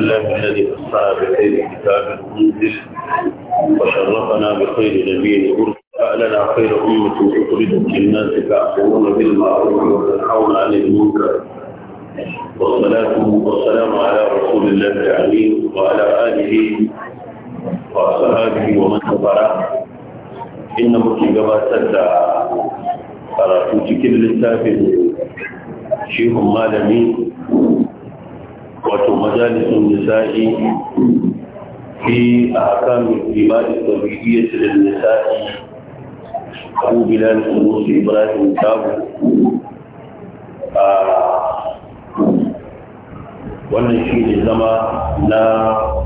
لله الذي أصحى بخير كتاب منزل وشرفنا بخير نبي أرسل لنا خير أمة أخرجت للناس تعفون بالمعروف وتنحون عن المنكر والصلاة والسلام على رسول الله العليم وعلى آله وأصحابه ومن تبعه إن مكي gabatar على karatu cikin littafin shehun malami wato majalisun nisa'i في أحكام الإمام الطبيعية للنساء أبو بلال موسى إبراهيم كابو wannan shi ne zama na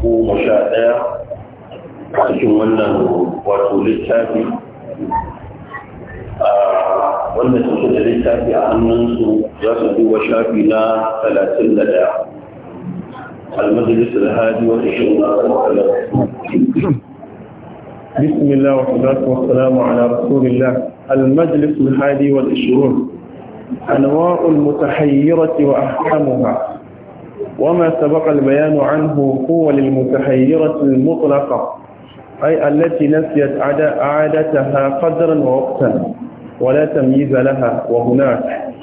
goma sha daya a cikin wannan wato littafi ah, wannan su littafi a hannunsu za su duba shafi na talatin da ɗaya المجلس الهادي والعشرون بسم الله والصلاة والسلام على رسول الله المجلس الهادي والعشرون أنواع المتحيرة وأحكامها وما سبق البيان عنه هو للمتحيرة المطلقة أي التي نسيت عادتها قدرا ووقتا ولا تمييز لها وهناك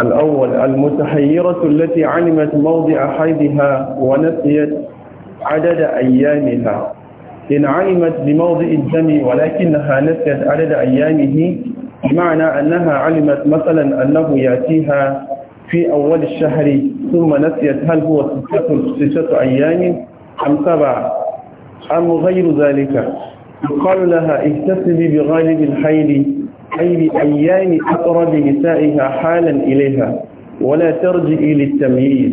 الأول المتحيرة التي علمت موضع حيضها ونسيت عدد أيامها إن علمت بموضع الدم ولكنها نسيت عدد أيامه بمعنى أنها علمت مثلا أنه يأتيها في أول الشهر ثم نسيت هل هو ستة, ستة أيام أم سبعة أم غير ذلك يقال لها اكتسبي بغالب الحيض أي بأيام أقرب نسائها حالا إليها ولا ترجئي للتمييز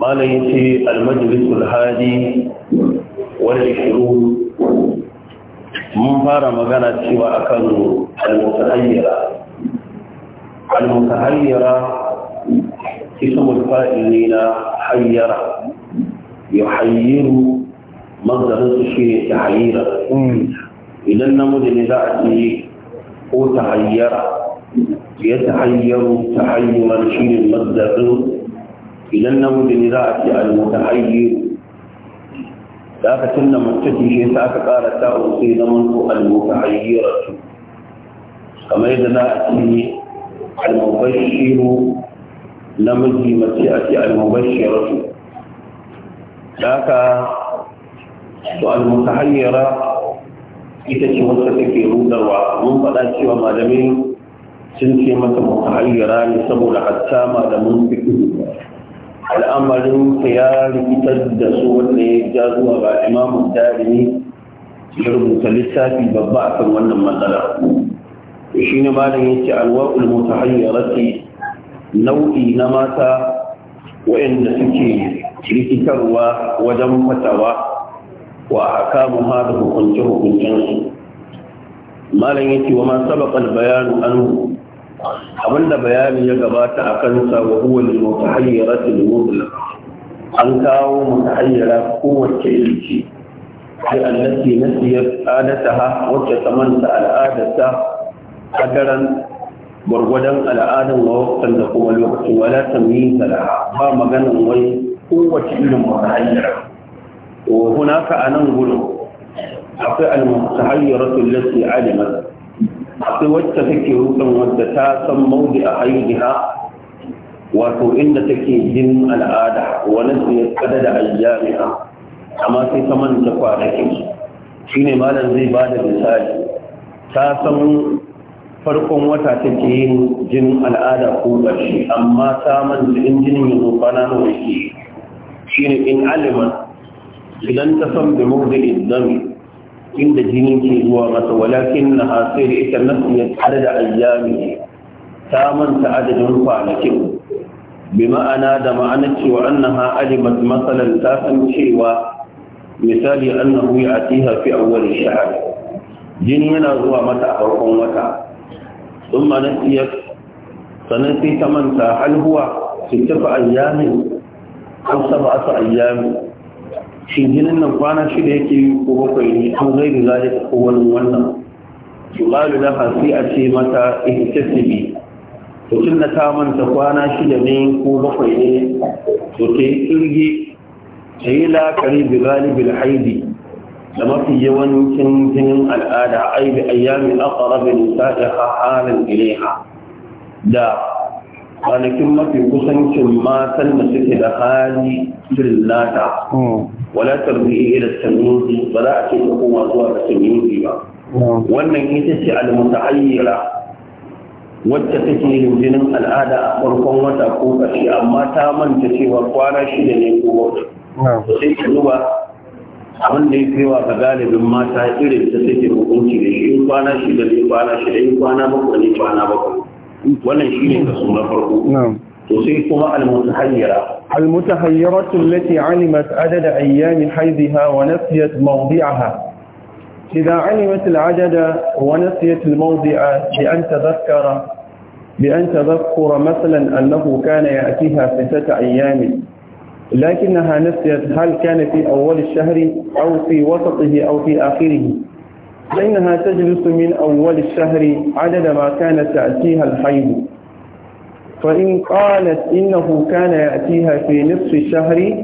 ما ليس المجلس الهادي والعشرون mun fara magana cewa akan al-mutahayyira al-mutahayyira ismul fa'ili na hayyara yuhayyiru mazdarin su idan namiji za a وتحير يتحير تحيرا شين المصدر الى النمود لذاك المتحير ذاك سن متتي هي ذاك قال تاء في زمنه المتحيرة كما اذا ناتي المبشر نمجي متياتي المبشرة ذاك سؤال المتحيره ita ce wacce take rudarwa mun faɗa cewa malamai sun ce mata mutahayyara ne saboda hatta malamin fikihu al'amarin ta ya rikitar da su wanda ya ja zuwa ga imamu darimi ya rubuta littafi babba akan wannan matsala shi ne malam ya ce alwa'ul mutahayyarati nau'i na mata wa'anda suke rikitarwa wajen fatawa wa akamu ha da hukunce hukuncensu malam yake wa ma sabaqal bayanu anhu abinda bayani ya gabata a kansa wa huwa lil mutahayyirati lil mutlaq an kawo mutahayyira kowace ilci sai allati nasiyat adataha wacce ta manta al'adata kadaran gwargwadon al'adan wa da kuma lokacin wala tamyiza laha ba maganan wai kowace irin mutahayyira wa hunaka anan gurin akwai al-mustahayyaratu allati alimat akwai wacce take rukan wadda ta san maudi a hayyiha wato inda take jin al'ada wa nasiya kada da ayyamiha amma sai ta manta kwanakin shine malam zai ba da misali ta san farkon wata take yin jinin al'ada ko ƙarshe amma ta manta ya shine idan ta san bi mawdi'id dami inda jini ke zuwa masa walakin na hasir ita nasiya tare da ayyami ta manta adadin kwanakin bi ma'ana da ma'ana cewa annaha alimat masalan ta san cewa misali annahu ya'tiha fi awwal shahr jini yana zuwa mata a farkon wata thumma nasiyat sanan sai ta manta hal huwa sittatu ayyamin aw sab'atu ayyami. shi jinin nan kwana shida yake yi ko bakwai ne an zai da zai ko wani wannan yuqalu laha sai a ce mata ihtasibi to tun da ta manta kwana shida ne ko bakwai ne to ta yi kirgi ta yi lakari bi galibin haidi da mafi yawancin jinin al'ada aibi ayyami aqrabi nisa'iha halan ilaiha da kwanakin mafi kusancin matan da suke da hali lata hmm. wala tarbiyyar da sanyoyi ba za a ce ta koma zuwa ga sanyoyi ba hmm. wannan ita ce almutahayyira wacce take yin jinin al'ada a farkon wata ko ƙarshe amma ta manta cewa kwana shida ne ko wata hmm. sai ka zuba abin da ya kaiwa ga galibin mata irin ta take hukunci da shi kwana shida ne kwana shida in kwana bakwai ne kwana bakwai wannan shine kaso na farko to sai kuma al-mutahayyira al-mutahayyira allati alimat adada ayyami haidha wa nasiyat mawdi'aha إذا علمت العدد ونسيت الموضع بأن تذكر بأن تذكر مثلا أنه كان يأتيها في ستة أيام لكنها نسيت هل كان في أول الشهر أو في وسطه أو في آخره فإنها تجلس من أول الشهر عدد ما كانت تأتيها الحيض فإن قالت إنه كان يأتيها في نصف الشهر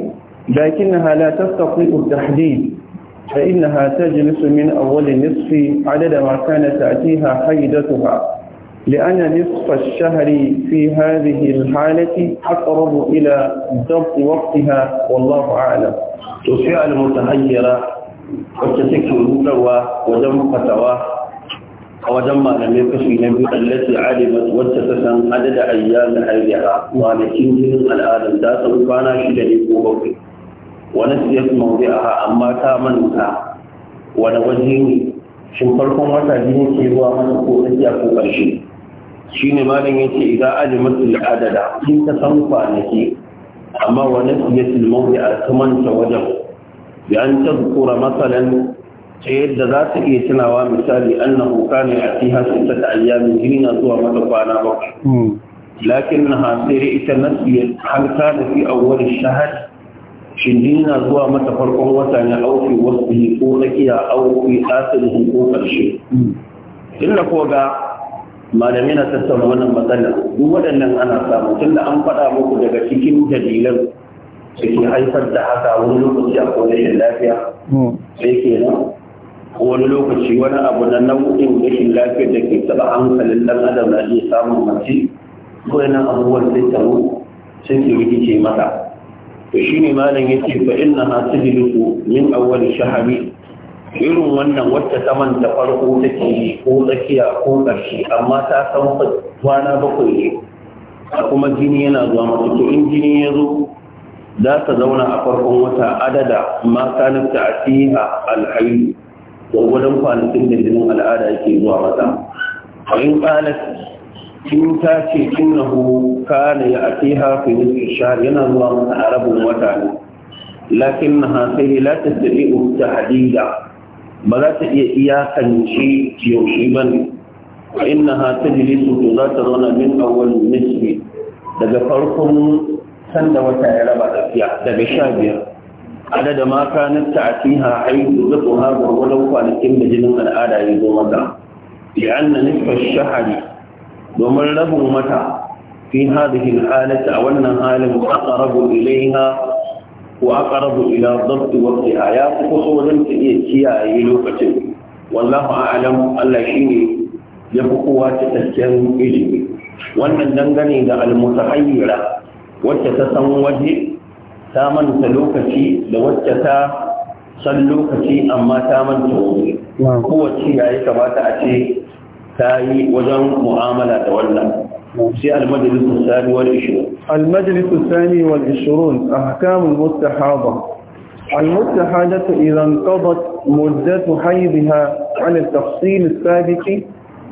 لكنها لا تستطيع التحديد فإنها تجلس من أول النصف عدد ما كانت تأتيها حيدتها لأن نصف الشهر في هذه الحالة أقرب إلى ضبط وقتها والله أعلم تسيء المتحيرة wacce take rudarwa wajen fatawa a wajen malamai kashi na biyu allati alimat wacce ta san adada ayyan haidiya kwanakin jinin al'adar ta san kwana shida ne ko bakwai wani siyas mawdi'aha amma ta manta wani waje ne shin farkon wata jini ke zuwa mana ko tsakiya ko ƙarshe shine malam yace idan alimat al'adada kin ta san kwanaki amma wani siyas mawdi'a ta manta wajen bi an tazkura masalan ta yadda za ta iya tunawa misali annahu kana ya'tiha sittata ayyamin jina zuwa mata kwana bakwai lakinnaha sai ita nasiyat hal kana fi awwal ash-shahr shindina zuwa mata farkon wata ne auki wasu ko tsakiya auki asali ko ƙarshe inda ko ga malami na tattauna wannan matsala duk waɗannan ana samu tunda an faɗa muku daga cikin dalilan suke haifar da haka wani lokaci a kodashin lafiya mm. sai ke nan wani lokaci wani abu na nau'in rashin lafiyar da ke taɓa hankalin ɗan adam na iya samun mace ko yana abubuwan sai taro sai ke rikice mata to shi ne malam ya ce fa inna ha tujlisu min awwal shahari irin wannan wacce ta manta farko take ko tsakiya ko ƙarshe amma ta san kwana bakwai ne kuma jini yana zuwa mata to in jini ya zo za ta zauna a farkon wata adada ma kanafta a fiha alhayu gwagwadon kwanakin da jinin al'ada yake zuwa mata in kanat kin ta ce kinnahu kana ya atiha fi nisfi shahr yana zuwa a rabin wata ne lakin na sai la ta tahdida ba za ta iya iyakanci yaushe ba ne innaha tajlisu to za ta zauna min awwal nisfi daga farkon sanda wata ya raba tafiya daga sha biyar adada ma kanar ta asiha haihu da tsoha gwargwadon kwanakin da jinin al'ada ya zo mata li'anna nisfa shahari domin rabin mata fi hadhihi al a wannan halin aqrabu ilayha وأقرب إلى ضبط وقتها يا قصورا تأتيها أي لوقت والله أعلم ألا شيني يبقوا تتسكن إجمي وأن الدنغني ذا المتحيرة wacce ta san waje ta manta lokaci da wacce ta san lokaci amma ta manta waje kowace ya yi kamata a ce ta yi wajen mu'amala da wannan في المجلس الثاني والعشرون المجلس الثاني والعشرون أحكام المستحاضة المستحاضة إذا انقضت مدة حيضها عن التفصيل السابق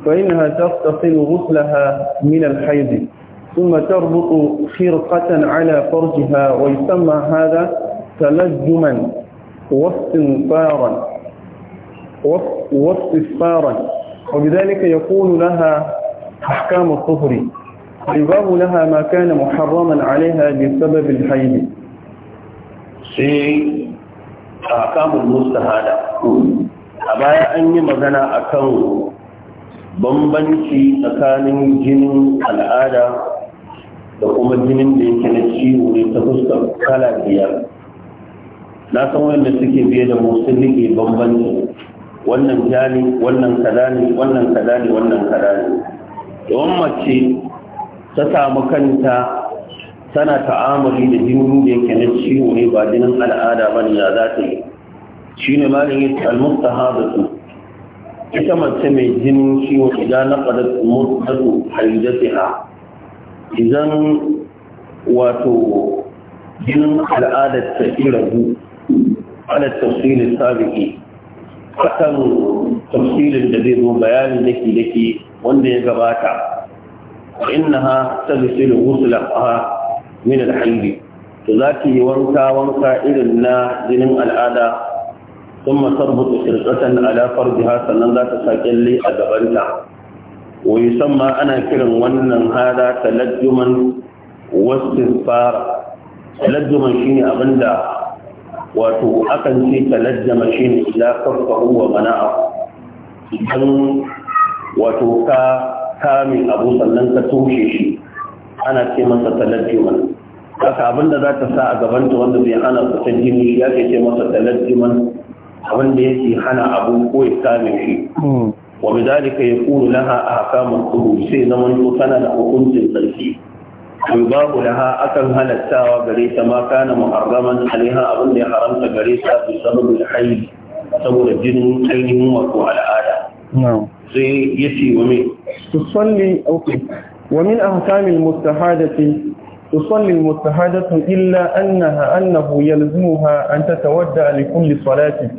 فإنها تفتصل غسلها من الحيض ثم تربط خرقة على فرجها ويسمى هذا تلجما واستنفارا واستثارا وبذلك يكون لها أحكام الطهر ويباب لها ما كان محرما عليها بسبب الحيض sai ahkamul mustahada a baya an yi magana akan bambanci tsakanin jinin al'ada da kuma jinin da yake na ciwo ne ta fuska kala biyar na san wanda suke biye da musu rike bambanci wannan jani wannan kaza wannan kaza ne wannan kaza ne yawan mace ta samu kanta tana ta'amari da jinin da yake na ciwo ne ba jinin al'ada ba ne ya za ta yi shi ne malin yi almustahadatu ita mace mai jinin ciwo idan na qadar muddatu haidatiha idan wato jinin al'adar ta irabu tafsirin sabiki akan tafsirin da zai zo bayanin daki dake wanda ya gabata wa innaha tafsirin wusulaha min al-hayy to zaki yi wanka wanka irin na jinin al'ada ثم تربط شرقة alafar فرجها sannan za ta sa kyalle a gabanta ويسمى أنا كرم ونن هذا تلجما واستغفار تلجما شيني أبندا wato akan ce talajjama shi ne ila kafa wa mana'a wato ka kame abu sannan ka toshe shi ana ce talajjuman haka za ta sa a gabanta wanda bai hana fitar jini ya ke ce masa talajjuman abinda hana abu ko ya kame shi hmm. wa bidalika yakunu laha ahkamul qurub sai zaman to tana da hukuncin sarki yubahu laha akan halattawa gare ta ma kana muharraman alaiha abin da ya haramta gare ta bi sababul hayd saboda jinin ainihin wato al'ada sai ya yace wa me tusalli okay wa min ahkamil mustahadati تصلي المستحاجة إلا أنها أنه يلزمها أن تتودع لكل صلاة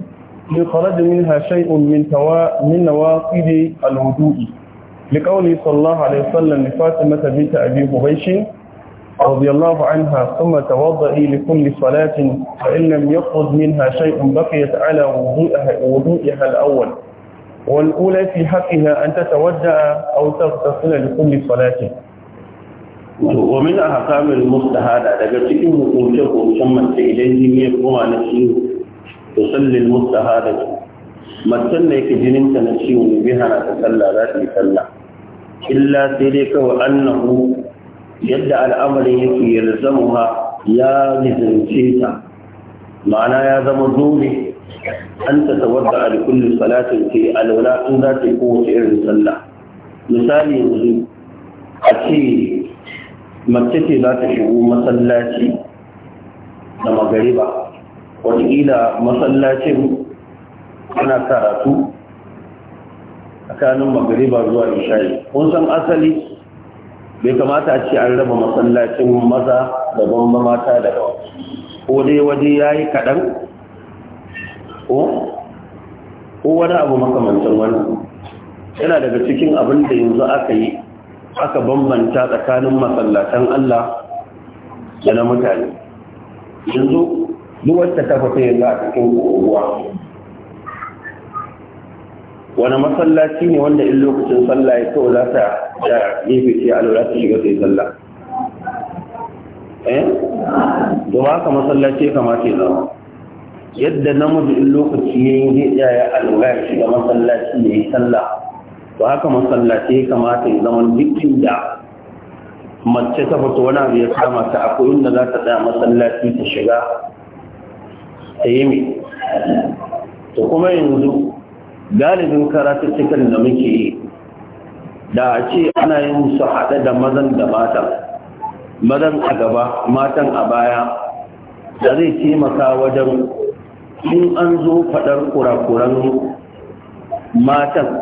يخرج منها شيء من توا من نواقض الوضوء لقوله صلى الله عليه وسلم لفاطمة بنت أبي حبيش رضي الله عنها ثم توضئي لكل صلاة فإن لم يخرج منها شيء بقيت على وضوئها, وضوئها الأول والأولى في حقها أن تتوجأ أو تغتسل لكل صلاة ومن أحكام المستهادة daga تكون hukunce hukuncen إليه idan jini tusalli al-mustahada matan da yake jinin ta na ciwo ne bi hana ta sallah za ta yi sallah illa sai dai kawai annahu yadda al'amarin yake yalzamuha ya lizance ta ma'ana ya zama dole an ta tawadda a kulli salatin ke alwala in za ta yi kowace irin sallah misali yanzu a ce mace ce za ta shigo masallaci da magariba ila masallacin ana karatu tsakanin magariba zuwa isha'i kun san asali bai kamata a ce an raba masallacin maza da bamba mata daban ko dai waje ya yi kaɗan ko wani abu makamancin wani? yana daga cikin abin da yanzu aka yi aka bambanta tsakanin masallacin Allah da na mutane yanzu duk wacce ta fito yanzu a cikin unguwa wani masallaci ne wanda in lokacin sallah ya kawo za ta da gefe ce a lura ta shiga sai sallah eh domin haka masallaci ya kamata ya zama yadda namiji in lokaci ya yi zai tsaya a lura ya shiga masallaci ya sallah to haka masallaci ya kamata ya zama dukkan da mace ta fito wani abu ya kama ta akwai inda za ta tsaya masallaci ta shiga ta yi mai to kuma yanzu galibin cikin da muke yi da a ce ana yin su haɗe da mazan da matan mazan a gaba matan a baya da zai taimaka wajen in an zo faɗar kurakuran matan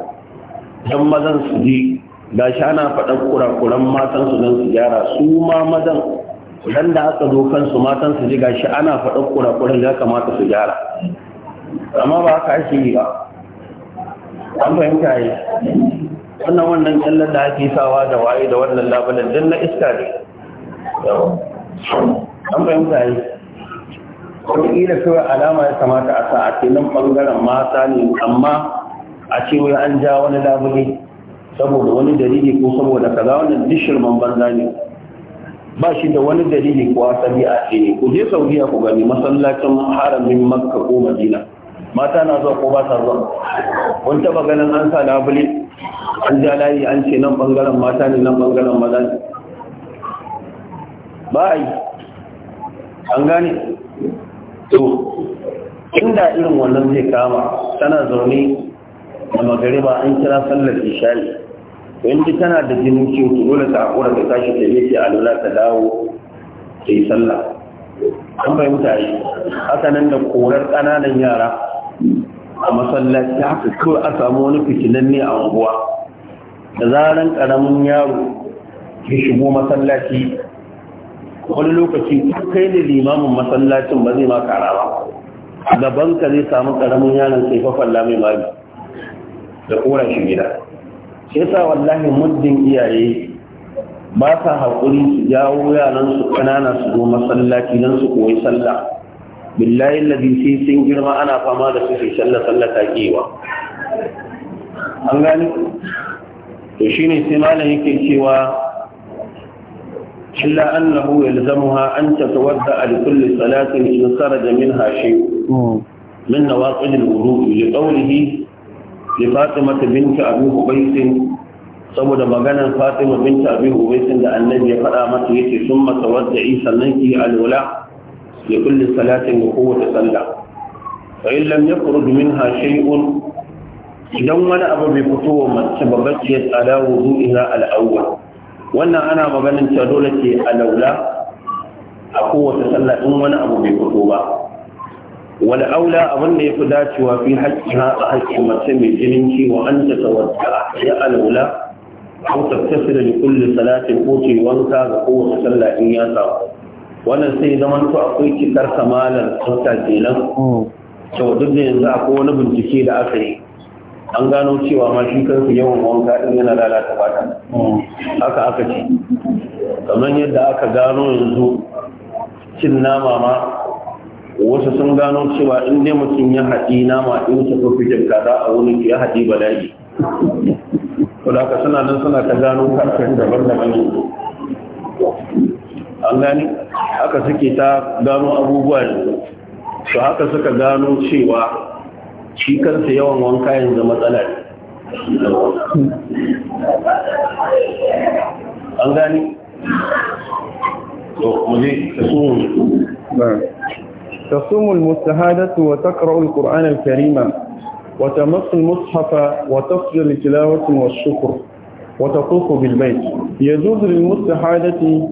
don mazan su ji da shi ana faɗar kurakuran matan su don su gyara su ma mazan dan da aka zo kansu matan su ji gashi ana faɗa kurakuran ya kamata su gyara amma ba haka ake yi ba an fahimta yi wannan wannan kyallar da ake sawa da waye da wannan labulan don na iska ne an fahimta yi kuma ƙila kawai alama ya kamata a sa a filin ɓangaren mata ne amma a ce wai an ja wani labule saboda wani dalili ko saboda kaza wannan dishirman banza ne ba shi da wani dalili ko asali a ce ku je saudiya ku gani masallacin haramin makka ko madina mata na zuwa ko ba sa zuwa kun taba ganin an sa labule an ja layi an ce nan bangaren mata ne nan bangaren maza ne ba a yi an gane to inda irin wannan zai kama tana zaune a magariba an kira sallar isha'i wanda tana da jinin ciwo ki dole ta haƙura ta tashi ta yake a lura ta dawo ta yi sallah an bai yi haka nan da korar ƙananan yara a masallaci haka kawai a samu wani fitinan ne a unguwa da zaran ƙaramin yaro ya shigo masallaci wani lokaci kai da limamin masallacin ba zai ma kara ba gaban ka zai samu ƙaramin yaron sai fafalla mai mari da kora shi gida shi yasa wallahi muddin iyaye ba sa haƙuri su jawo yaran su ƙanana su zo masallaci don su koyi sallah billahi ladi sai sun girma ana fama da su sai sallah sallah ta kewa an gani to shine sai malam yake cewa illa annahu yalzamuha an tatawadda li kulli salatin in kharaja minha shay'un hmm. min nawaqid al-wudu' li qawlihi bi Fatima binta Abi Hubayth saboda maganar Fatima binta Abi Hubayth da Annabi ya faɗa mata yace summa tawaddi sannan ki alwala ya kulli salatin wa kowace sallah fa in lam yakhruj minha shay'un idan wani abu bai fito wa mace ba bace tsada wudu'iha al-awwal wannan ana maganin cewa dole ce alaula a kowace sallah in wani abu bai fito ba Wani aula abin da ya fi dacewa fi haqqiha a haƙƙin mace mai jinin ciwo an ta tawadda ya alula ko tafsira da kulli salatin ko ce wanka ga kowace sallah in ya samu wannan sai zaman to akwai cikar kamalar tsafta kenan to duk da yanzu akwai wani bincike da aka yi an gano cewa ma shi kansu yawan wanka din yana lalata fata haka aka ce kamar yadda aka gano yanzu cin nama ma wasu sun gano cewa in dai mutum ya haɗi nama in su ko kada a wani ya haɗi bala'i ko da suna nan suna ta gano karfin daban-daban yanzu an gani haka suke ta gano abubuwa yanzu to haka suka gano cewa shi kansa yawan wanka yanzu matsala ne an gani to mu je ta so تصوم المستهادة وتقرأ القرآن الكريم وتمص المصحف وتفجر لتلاوة والشكر وتطوف بالبيت يجوز للمستحادة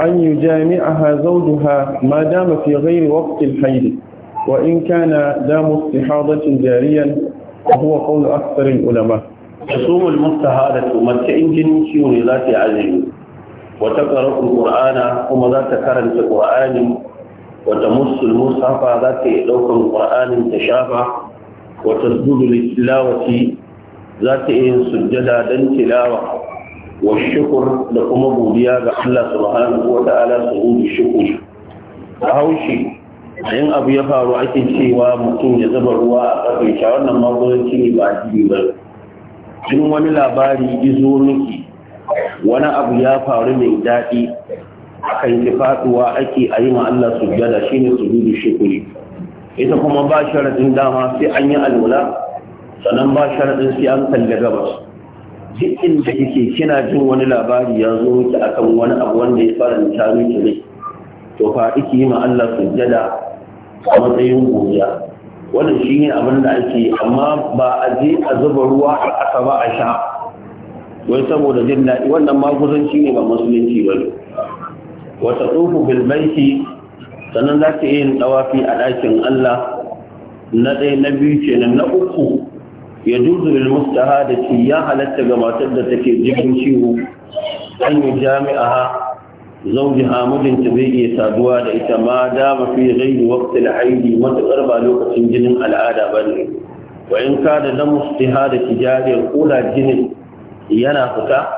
أن يجامعها زوجها ما دام في غير وقت الحيض وإن كان دام استحاضة جاريا وهو قول أكثر العلماء تصوم المستحادة متعين جنسي ذات عزم وتقرأ القرآن وما ذات كرنت القرآن wata musul musafa za ta iya ɗaukar ƙur'anin ta shafa wata zudu tilawaci za ta iya yin sujjada don tilawa wa shukur da kuma godiya ga Allah subhanahu wa ta'ala hudu shukur a haushi yin abu ya faru ake cewa mutum ya zama ruwa a kafin sha wannan magudanci ne ba addini ba in wani labari izo miki wani abu ya faru mai daɗi aka yi faduwa ake a yi ma Allah sujjada shine sujudu shukuri ita kuma ba sharadin dama sai an yi alwala sannan ba sharadin sai an kalli gabas duk inda kike kina jin wani labari ya zo miki akan wani abu wanda ya faranta miki ne to fa kike yi ma Allah sujjada a matsayin godiya wannan shine abin da ake amma ba a je a zuba ruwa a ƙasa ba a sha wai saboda jin daɗi wannan maguzanci ne ba musulunci ba ne wata tsofu bilbaiki sannan za ta yin ɗawafi a ɗakin Allah na ɗaya na biyu kenan na uku ya duzu bil mustaha da ya halatta ga matar da take jikin ciwo an yi jami'a zauji ta zai iya saduwa da ita ma da mafi ghairi waqti al-haidi matakar ba lokacin jinin al'ada bane wa in ka da damu istihada tijariyar kula jinin yana fita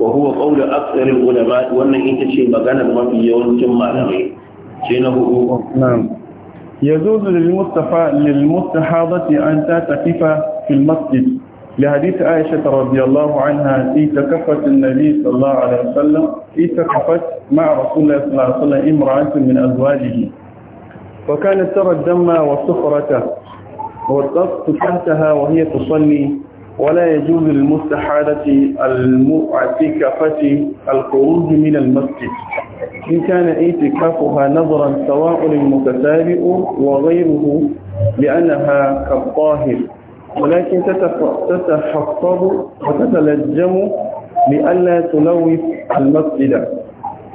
wa huwa qawlu aktharil ulama wannan ita ce maganar mafi yawancin malamai sai na hudu na'am يجوز للمستفى للمستحاضة أن تعتكف في المسجد لحديث عائشة رضي الله عنها اتكفت النبي صلى الله عليه وسلم اتكفت مع رسول الله صلى الله عليه وسلم امرأة من أزواجه وكانت ترى الدم وصفرته والقص تحتها وهي تصلي ولا يجوز المستحالة المعتكفه الخروج من المسجد إن كان اعتكافها نظرا سواء المتتابع وغيره لأنها كالطاهر ولكن تتحفظ وتتلجم لئلا تلوث المسجد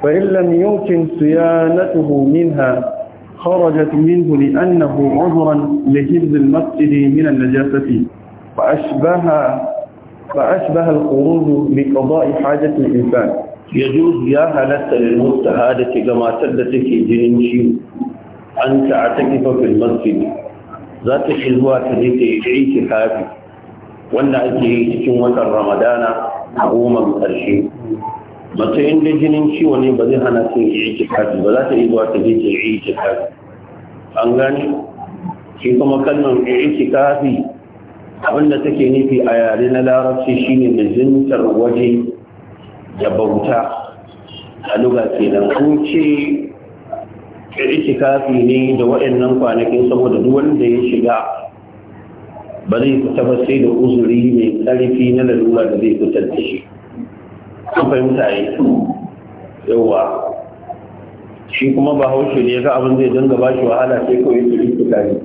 فإن لم يمكن صيانته منها خرجت منه لأنه عذرا لحفظ المسجد من النجاسة فأشبه فأشبه الخروج لقضاء حاجة الإنسان يجوز يا هلت للمستهادة كما تدتك جنشي أن تعتكف في المسجد ذات حلوة تجي تعيش كافي وأن أجي تكون رمضان أقوم بأرشي mace in dai jinin ciwo ne ba zai hana ta yi itikafi ba za ta yi zuwa ta je ta yi itikafi an gani shi kuma kalmar itikafi wanda take nufi a yare na larabci shine mijintar waje da bauta a luga kenan Ko ce kafi ne da waɗannan kwanakin saboda duk wanda ya shiga ba zai fita ba sai da uzuri mai ƙarfi na lalura da zai fitar da shi an fahimta yi yawa shi kuma ba haushe ne ga abin zai dinga ba shi wahala sai kawai su itikafi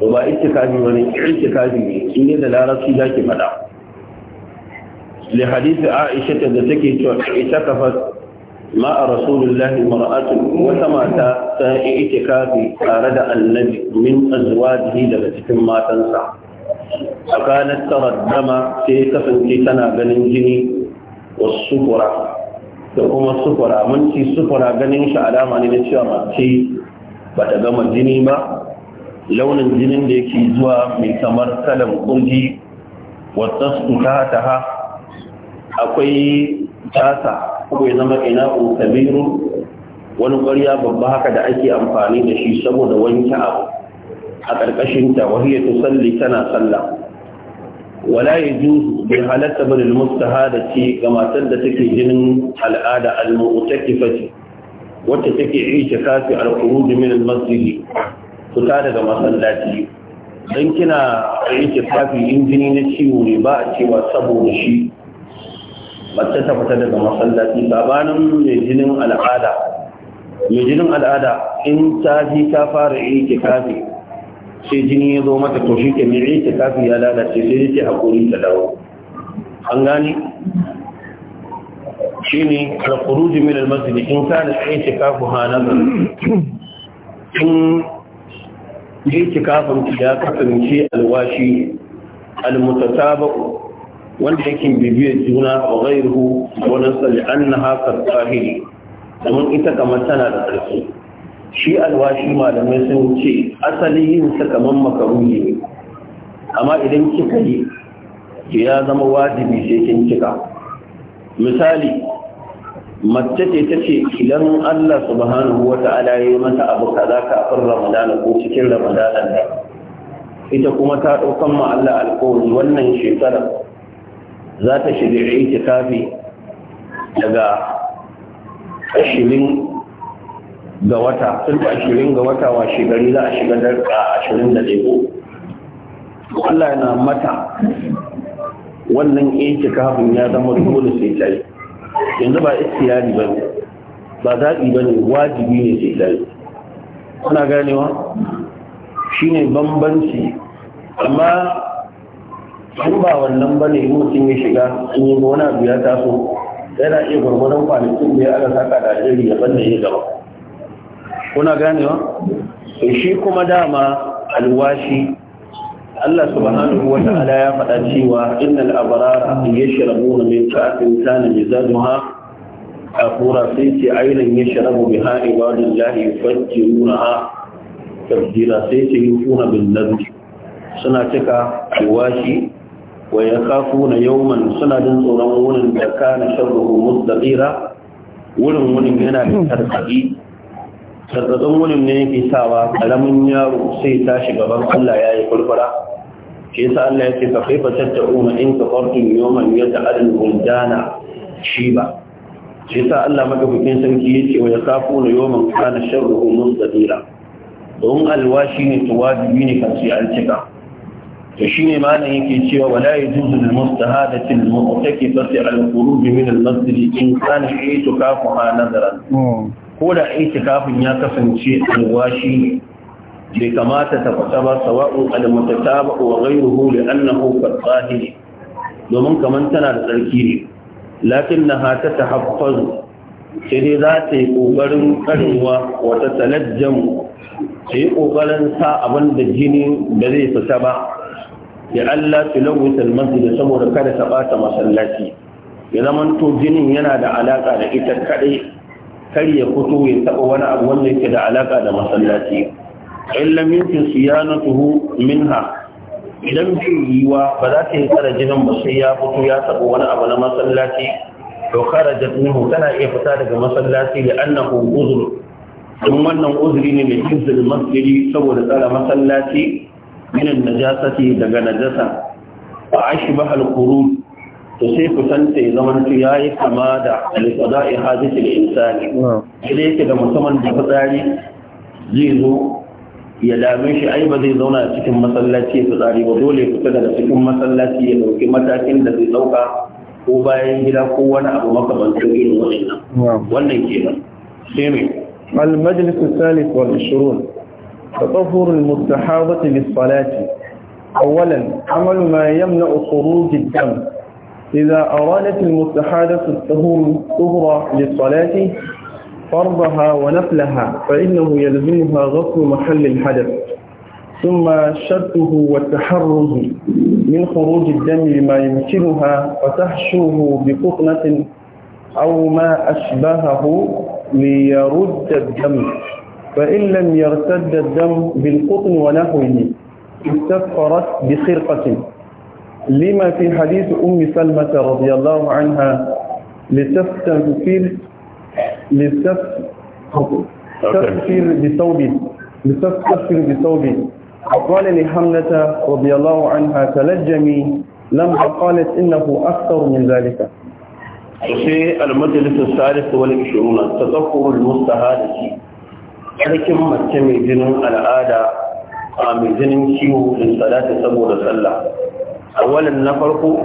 to ba kafi wani kafi ne inda da larabci za ki faɗa li hadisi aisha ta da take cewa ita kafat ma a rasulullahi mar'atun wata mata ta yi itikafi tare da annabi min azwajihi daga cikin matansa tsakanin taraddama sai kasance tana ganin jini wa sufura da kuma sufura mun ci sufura ganin shi alama ne na cewa mace ba ta gama jini ba launin jinin da yake zuwa mai kamar kalan kurji wata su ta ha akwai tasa ko ya zama ina kabiru wani ƙwarya babba haka da ake amfani da shi saboda wanke abu a ƙarƙashin ta wahiyar tusalli tana sallah wala ya ju bai halatta ba da da ce ga matar da take jinin al'ada al-mu'takifati wacce take ta kafi al-khuruj min al-masjid fita daga masallaci don kina yake kafi injini na ciwo ne ba a cewa saboda shi mace ta fita daga masallaci sabanin mai jinin al'ada mai jinin al'ada in ta ji ta fara yake kafi sai jini ya zo mata to shi ke mai yake kafi ya lalace sai yake hakuri ta dawo an gane? shi ne alkuruji min almasjid in kana yake kafu hanan in ki itikafin ya kasance alwashi almutataba'u wanda yake bibiyar juna wa ghairuhu wani sali annaha kasahiri domin ita kama tana da ƙarfi shi alwashi malamai sun ce asali yin sa kamar makaruni ne amma idan kika yi ya zama wajibi sai kin kika misali mace ce ta ce idan Allah subhanahu wa ta'ala ya yi mata abu kaza kafin ramadana ko cikin ramadana da ita kuma ta ɗaukan ma Allah alƙawari wannan shekarar za ta shiga itikafi daga ashirin ga wata tun da ashirin ga wata wa shigari za a shiga darka ashirin da lego Allah yana mata wannan itikafin ya zama dole sai ta yi yanzu ba istiyari ba ba zaɓi ba ne wajibi ne sai dari ana ganewa shi ne bambanci amma in ba wannan bane ne mutum ya shiga in yi wani abu ya taso yana iya gwargwadon kwanakin da ya ana saka da ajiyar ya banda ya gaba kuna ganewa shi kuma dama alwashi Allah subhanahu wa ta'ala ya faɗa cewa innal abrara yashrabuna min ka'sin kana mizajuha kafura sai ce ainihin ya sharabu bi ha ibadun lahi fajji nuna a tabjira sai ce yi kuna bin nabi suna cika alwashi wa ya kafu na yawman suna jin tsoron wurin da ka na da tsira wurin wurin yana da tarkaɗi tarkaɗin wurin ne yake sawa kalamin yaro sai ta shiga gaban allah ya yi kwalfara ke sa Allah ya ce ka kai fa kaifa tattauna in ka kafartum yawman yata'al buldana shiba shi sa Allah madaukakin sarki ce wa ya yasafuna yawman kana sharruhu munzadira don alwashi ne tuwajibi ne kan sai an cika to shine malam yake cewa wala yajuzu lil mustahadati al mu'takifati al qurub min al in kana a nazaran hmm. ko da kafin ya kasance alwashi ne bai kamata ta fata ba sawa'un al-mutataba wa ghayruhu li'annahu qad domin kamar tana da tsarki ne lakinnaha tatahaffazu sai dai za ta yi ƙoƙarin karewa wata talajjan ta yi ƙoƙarin sa abin da jini da zai fita ba ya Allah tulawuta da saboda kada ta ɓata masallaci ya zaman to jinin yana da alaƙa da ita kaɗai kar ya fito ya taɓa wani abu wanda yake da alaƙa da masallaci illa mintin siyanatuhu minha idan zai yi wa ba za ta yi tsara jinin ba sai ya fito ya taɓa wani abu na masallaci to kharajat minhu tana iya fita daga masallaci da annahu uzur don wannan uzuri ne mai hizbul masjidi saboda tsara masallaci min najasati daga najasa a shi al-qurud to sai kusanta ya zama ya yayi kama da al-qada'i hadith al-insani sai yake da musamman da fitsari zai zo ya dame shi ai ba zai zauna a cikin masallaci ya fitsari ba dole ya fita daga cikin masallaci ya dauki matakin da zai dauka ko bayan gida ko wani abu makamantan irin wannan wannan kenan sai me المجلس الثالث والعشرون تطهر المستحاضة بالصلاة أولا عمل ما يمنع خروج الدم إذا أرادت المستحاضة الطهور للصلاة فرضها ونفلها فإنه يلزمها غسل محل الحدث ثم شرطه والتحرز من خروج الدم لما يمكنها وتحشوه بقطنة أو ما أشبهه ليرد الدم فإن لم يرتد الدم بالقطن ونحوه استفرت بخرقة لما في حديث أم سلمة رضي الله عنها لتستنفر لتستغفر بثوبه لتستغفر بثوبه وقال لحملة رضي الله عنها تلجمي لما قالت إنه أكثر من ذلك في المجلس الثالث والعشرون التذكر المستهادة لكن ما تمي جنون العادة عام جنون شيو للصلاة سبو لصلاة أولا نفرق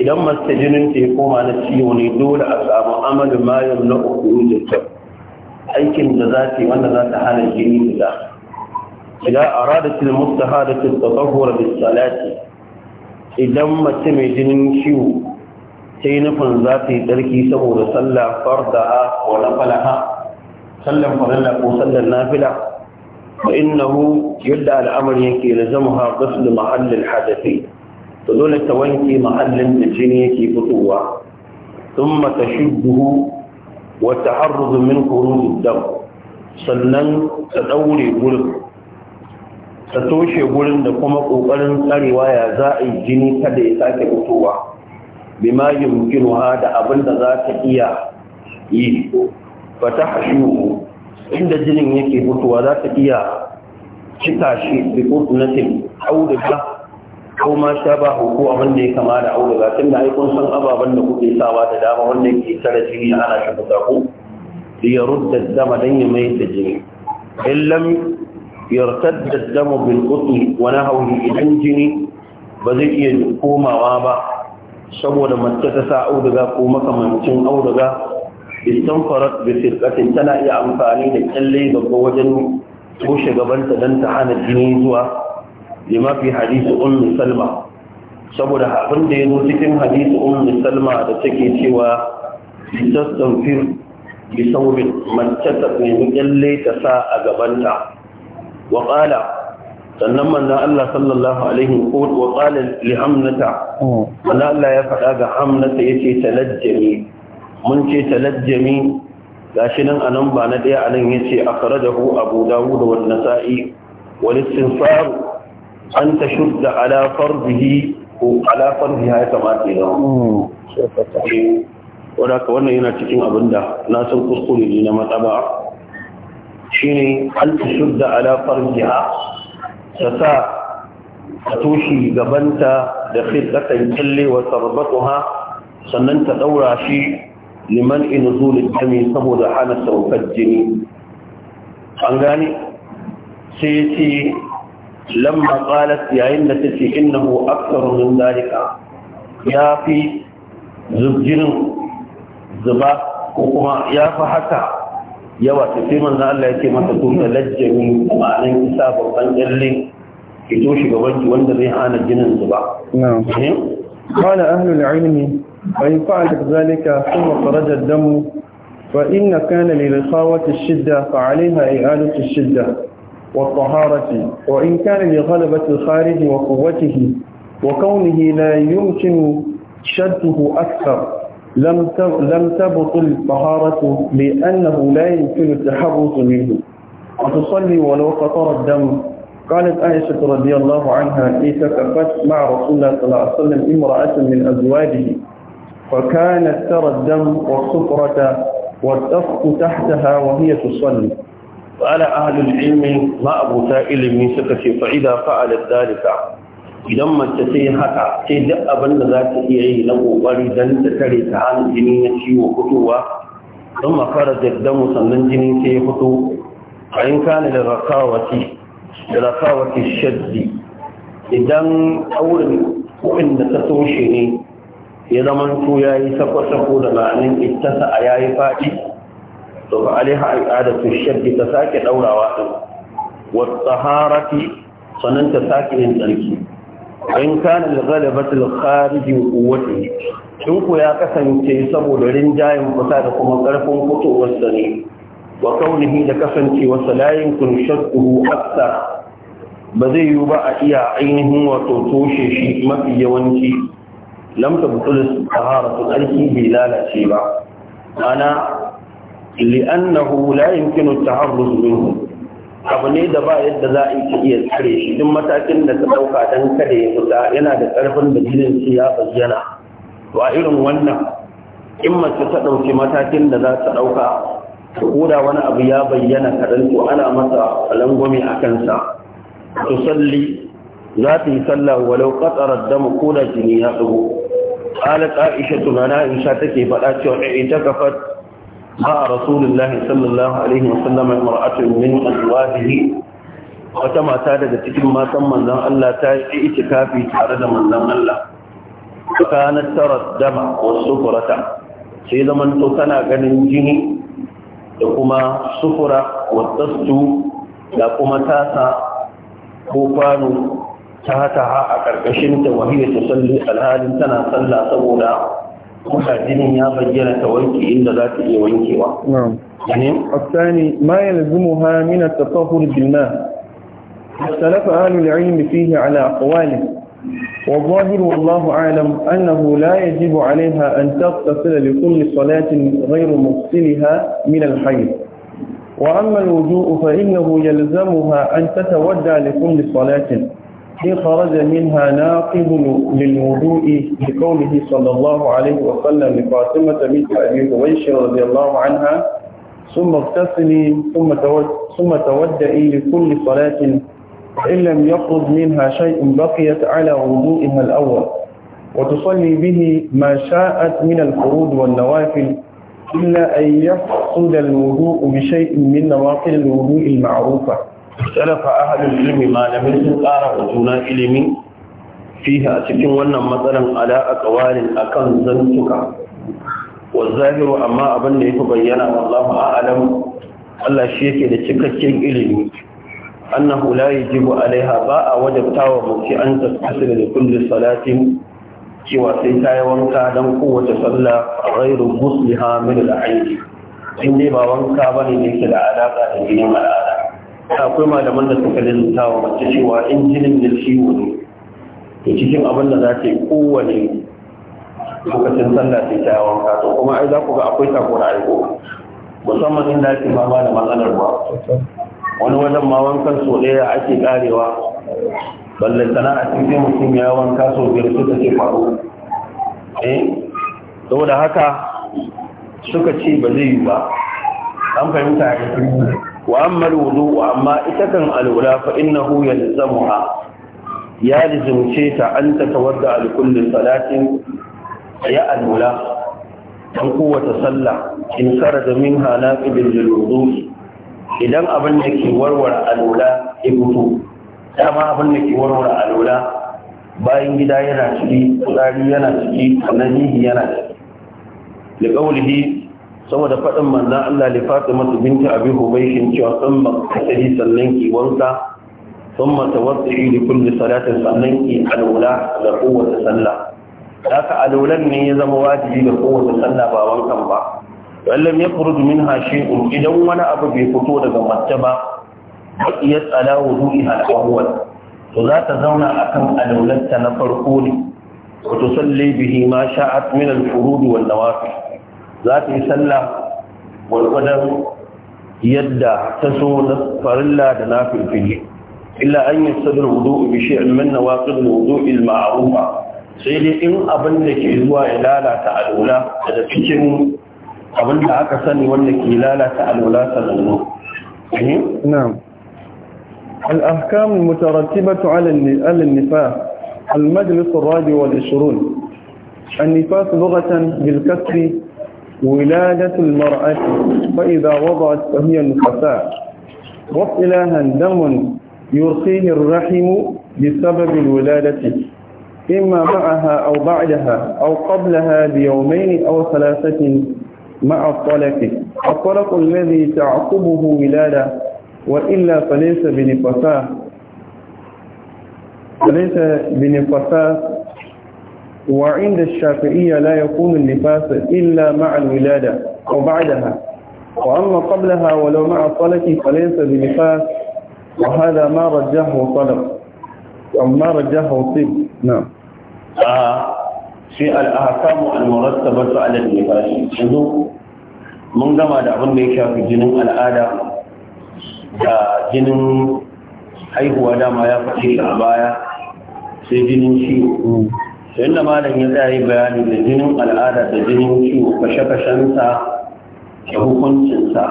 idan mace jinin ta koma na ciwo ne dole a samu amal mayar na uku da kyau, aikin da za ta yi wanda za ta hana jini da idan aradat al mustahadatu tatahhur bis salati idan mace mai jinin ciwo sai nufin za ta yi tsarki saboda sallah farda, a wa nafalaha sallan farilla ko sallan nafila fa innahu yadda al'amari yake lazamaha ghusl mahall al hadathi to dole ta wanke mahallin da jini yake fitowa ثم تشبه والتعرض من خروج الدم sannan ta ɗaure gurin ta toshe gurin da kuma ƙoƙarin tsarewa ya za a yi jini kada ya sake fitowa bima yumkinu da abin da za ta iya yi Fata ta inda jinin yake fitowa za ta iya cika shi bi na tin auduga ko ma sha ba ko abin ya kama da auduga tun da aikun san ababen da kuke sawa da dama wanda ke tara jini ana shi kusa ku ya rudda dama don ya mai da jini illam da dama bin qutni wani nahwi idan jini ba zai iya komawa ba saboda mace ta sa auduga ko makamancin auduga istanfarat bi firkatin tana iya amfani da kyalle gaba wajen toshe gabanta dan ta hana jini zuwa lima fi hadisi ummu salma saboda abin da ya zo cikin hadisi ummu salma da take cewa littattafir bi saurin mace ta nemi kyalle ta sa a gabanta wa qala sannan manzon Allah sallallahu alaihi wa qala li hamnata manzon Allah ya faɗa ga hamnata yace talajjami mun ce talajjami gashi nan anan ba na daya anan yace akhrajahu abu dawud wa nasa'i wal istinfar an ta shudda ala farzihi ko ya kamata ya zama ka wannan yana cikin abinda na san kuskure ne na matsaba shine an ta shudda ala farziha ta sa ta toshi gabanta da khidlatan kyalle wa ha sannan ta ɗaura shi liman in jami saboda hana saukar jini an gane sai ce lamma qalat yayin da tace innahu aktharu min zalika ya fi zubjirin zuba ko kuma ya fi haka yawa ta sai manzo Allah ya ce masa to da lajjami ma'anin isa babban kyalle ki to shugabanki wanda zai hana jinin zuba قال أهل العلم وإن فعلت ذلك ثم خرج الدم فإن كان لرخاوة الشدة فعليها إعادة الشدة والطهارة وإن كان لغلبة الخارج وقوته وكونه لا يمكن شده أكثر لم لم تبطل الطهارة لأنه لا يمكن التحرز منه وتصلي ولو قطر الدم قالت عائشة رضي الله عنها كفت مع رسول الله صلى الله عليه وسلم امرأة من أزواجه فكانت ترى الدم والصفرة والتفق تحتها وهي تصلي fa’ala ahalin ilmin ma’abuta ilimi suka ce fa’ida fa’alar dalika idan mace sai haka sai duk abinda za ta iya yi na ƙoƙari dan ta tare ta hannun jini ya ciwo fitowa don makarar jaddan musamman jini sai ya fito a yin kane da rakawati shaddi idan aurin kuɗin da ta toshe ne ya zama to ya yi sako-sako da ma'anin ita sa a yayi faɗi to fa alaiha al'adatu shaddi ta sake daurawa din wa taharati sannan ta sake yin tsarki in kana al-ghalabatu al-khariji ku ya kasance saboda rinjayen kusa da kuma karfin fitowar sa ne wa kaunihi da kasancewar sa la yankun shadduhu akthar ba zai yiwu ba a iya ainihin wato toshe shi mafi yawanci lam tabtul taharatu aiki bai lalace ba ana li'annahu la yumkinu at-taharruz abu ne da ba yadda za a iya tsare shi duk matakin da ta ɗauka don kada ya fita yana da karfin da jinin shi ya bayyana to a irin wannan in mace ta ɗauki matakin da za ta ɗauka. ko wani abu ya bayyana kaɗan, to ana masa alangwami a kansa to salli za ta yi sallah walau qatara da ko da jini ya dubo قالت عائشة لنا sha شاء تكي فلا ita تكفت مع رسول الله صلى الله عليه وسلم امرأة من أزواجه وتما تادة تكلم ما تم من الله تاجئ اتكافي تارد من الله فكانت ترى الدمع والسفرة sai zamanto tana ganin jini da kuma sufura watastu da kuma tasa ko kwano ta hata a ƙarƙashin ta wahiyar tana salla saboda kuma jinin ya bayyana ta wanke inda za ta iya wankewa الثاني ما يلزمها من التطهر بالماء اختلف أهل العلم فيه على أقواله والظاهر والله أعلم أنه لا يجب عليها أن تغتسل بكل صلاة غير مغسلها من الحيض وأما الوجوء فإنه يلزمها أن تتودع لكل صلاة خرج منها ناقض للوضوء لقوله صلى الله عليه وسلم لفاطمة بنت أبي هويش رضي الله عنها ثم اغتسلي ثم ثم تودئي لكل صلاة إن لم يخرج منها شيء بقيت على وضوئها الأول وتصلي به ما شاءت من الفروض والنوافل إلا أن يفصل الوضوء بشيء من نواقل الوضوء المعروفة salafa ahalin ilimi malamin sun tsara wa juna ilimi fiha cikin wannan matsalan ala a a kan zantuka wa zahiru amma abin da ya fi bayyana wallahu a'alam Allah shi yake da cikakken ilimi annahu la yajibu alaiha ba a wa mace an tasiri da kulli salatin cewa sai ta yi wanka don kowace sallah a ghairu musliha min aiki. in dai ba wanka bane ne yake da alaka da jinin al'ada akwai malaman da suka lalata wa mace cewa in jinin da ciwo ne to cikin abin da za ta yi kowane lokacin sallah sai ta yawon kato kuma ai za ku ga akwai takura aiko musamman inda ake fama da matsalar ba wani wajen ma wankan so ɗaya ake karewa ballantana a cikin mutum ya wanka so biyar ta ce faru eh saboda haka suka ce ba zai yi ba an fahimta a yankin wa amma alwudu amma ita kan alwala fa innahu yalzamuha ya lizumce ta an ta tawadda alkulli salatin ya alwala dan kowace sallah in kharaja minha naqibul lilwudu idan abin da ke warware ya fito abin da ke warware bayan gida yana ciki tsari yana ciki sannan yana ciki da kaulihi da faɗin manza Allah li Fatima binta Abi Hubayshin cewa sun san makasari sannan ki wanka sun mata matawaddi li kulle salatin sannan ki alwala da kowace sallah ka alwalan ne ya zama wajibi da kowace sallah ba wankan ba wallan ya furu furudu min hashi'un idan wani abu bai fito daga mace ba iya ala wudu'iha al-awwal to za ta zauna a kan alwalarta na farko ne wa tusalli bihi ma sha'at min al-furud wal nawafil za ta yi sallah gwargwadon yadda ta so na farilla da na filfili illa an yi sadar wudu bi shi'in min nawaqid wudu il ma'rufa sai dai in abin da ke zuwa ya lalata alwala da cikin abin da aka sani wanda ke lalata alwala sanannu na'am الأحكام المترتبة على النفاس المجلس الرابع والعشرون النفاس لغة بالكسر ولادة المرأة فإذا وضعت فهي النفساء وصلها دم يرقيه الرحم بسبب الولادة إما معها أو بعدها أو قبلها بيومين أو ثلاثة مع الطلق الطلق الذي تعقبه ولادة وإلا فليس بنفساء فليس بنفساء وعند الشافعية لا يكون اللباس إلا مع الولادة أو بعدها وأما قبلها ولو مع الطلق فليس بنفاس وهذا ما رجحه طلق أو ما رجحه طب نعم في الأحكام المرتبة على النفاس mun gama da abin da ya shafi jinin al'ada da jinin haihuwa dama ya fashe shi a baya sai jinin ciwo to inda malam ya tsaya bayani da jinin al'ada da jinin ciwo kashe-kashensa da hukuncinsa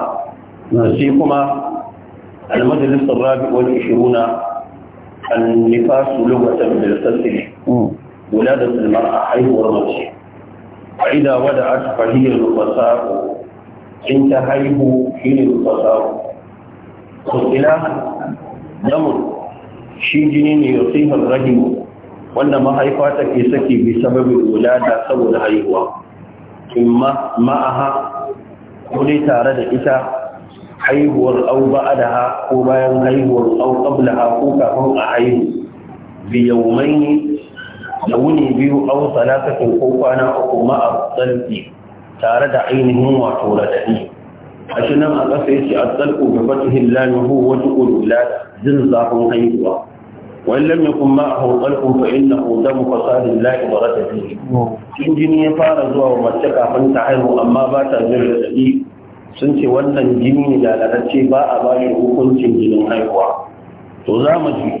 na sai kuma almajalis rabi wani shiruna an nifasu lokacin da sassiri guda da sulmar a haihuwar mace fa'ida wada a fahiyar rufasa in ta haihu shi ne rufasa ko ila damun shi jini ne yasihar rahimu wanda mahaifa ta ke saki bi sababin wulada saboda haihuwa imma ma'aha wani tare da ita haihuwar au ba'adaha ko bayan haihuwar au qablaha ko kafin a haihu bi yawmaini da wuni biyu au salatatin ko kwana uku a tsalki tare da ainihin wato radadi a kasa nan a ƙasa yake a tsalko ga fatihin lamihu jin zafin haihuwa وإن لم يكن معه خلق فإنه دم فساد لا إبرة فيه إن جني فار زوا ومتكا من تعيه أما بات زر سدي سنتي ولا جني لا لا تشي باء باش وكنت جني هايوا تو زامجي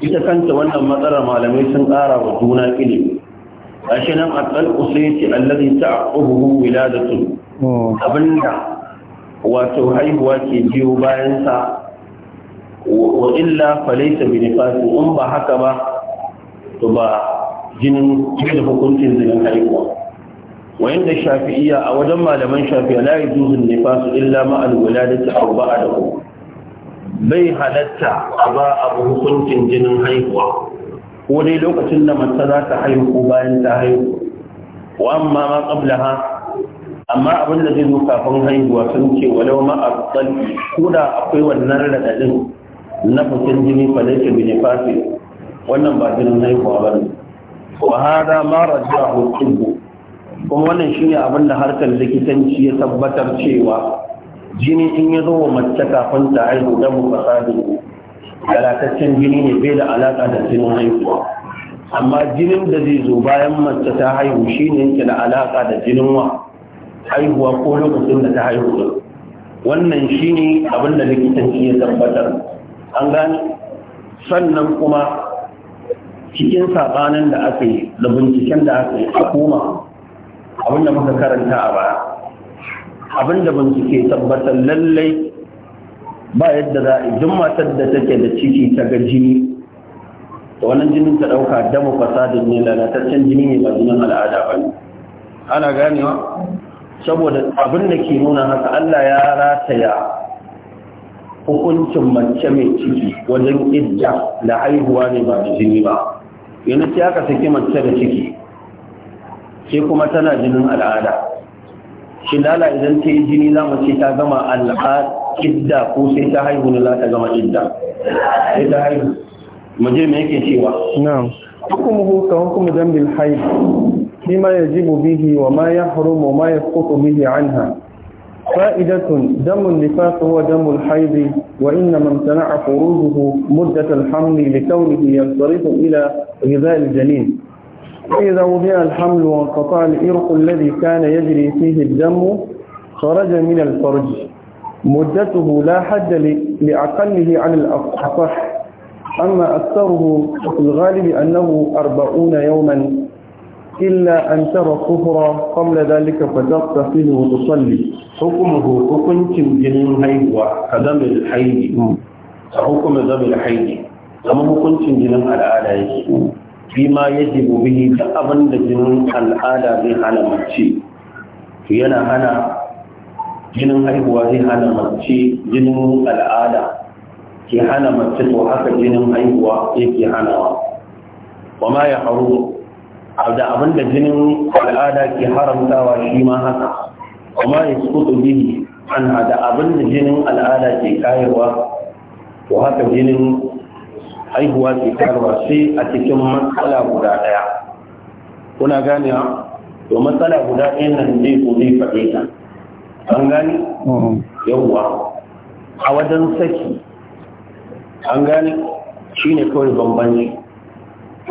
ita kanta wannan matsalar malamai sun ƙara wa juna ilimi gashi nan a tsalku sai ce allazi ta'quhu wiladatu wato haihuwa ke biyo bayan sa wa illa falaita bi nifasi in ba haka ba to ba jinin da hukuncin zinin haihuwa wa inda shafi'iyya a wajen malaman shafi'a la yajuzu nifasu illa ma al-wiladati aw ba'dahu bai halatta a ba abu hukuncin jinin haihuwa ko dai lokacin da mace za ta haihu ko bayan ta haihu wa amma ma qablaha amma abin da zai zo kafin haihuwa sun ce walau ma afdal ko da akwai wannan radadin na fitin jini falaita bin fafi wannan ba jinin haihuwa ba ne wa hada ma rajahu tibbu kuma wannan shine abin da harkar likitanci ya tabbatar cewa jini in ya zo wa mace kafin ta haihu da mu fasadin galataccen jini ne bai da alaka da jinin haihuwa amma jinin da zai zo bayan mace ta haihu shi shine yake da alaka da jinin wa haihuwa ko lokacin da ta haihu wannan shine abin da likitanci ya tabbatar an gani sannan kuma cikin sabanin da aka yi da binciken da aka yi a koma abinda muka karanta a baya abinda bincike tabbatar lallai ba yadda za a jin matar da take da ciki ta ga jini da wannan jinin ta ɗauka damu fasadin ne lalataccen jini ne ba jinin al'ada ba ne ana ganewa saboda abin da ke nuna haka Allah ya rataya hukuncin mace mai ciki wajen idda da haihuwa ne ba da jini ba yanzu sai aka saki mace da ciki sai kuma tana jinin al'ada shi lala idan ta yi jini za ce ta gama al'ada idda ko sai ta haihu ne za ta gama idda sai ta haihu mu je me yake cewa na'am hukumuhu ka hukumu dambil haid bima yajibu bihi wa ma yahrumu ma yasqutu bihi anha فائدة دم النفاق هو دم الحيض وإنما امتنع خروجه مدة الحمل لكونه ينصرف إلى غذاء الجنين فإذا وضع الحمل وانقطع الإرق الذي كان يجري فيه الدم خرج من الفرج مدته لا حد لأقله عن الأصح أما أكثره في الغالب أنه أربعون يوما إلا أن ترى الكفر قبل ذلك فتغتسل وتصلي حكمه حكم جنين هيوة كدم الحيض حكم دم الحيض كما حكم جنين الآلة فيما يجب به كأبن جنين الآلة في حالة مكشي yana hana jinin haihuwa zai hana mace jinin al'ada ke hana mace to haka jinin haihuwa yake hanawa wa ma ya haru da abin da jinin al'ada ke haramtawa shi ma haka kuma ya sukutu bihi an da abin da jinin al'ada ke kayarwa to haka jinin haihuwa ke kayarwa sai a cikin matsala guda ɗaya kuna gane to matsala guda ɗaya nan zai ko zai faɗe ta an gane mm-hmm. yawwa a wajen saki an gane shine kawai bambanci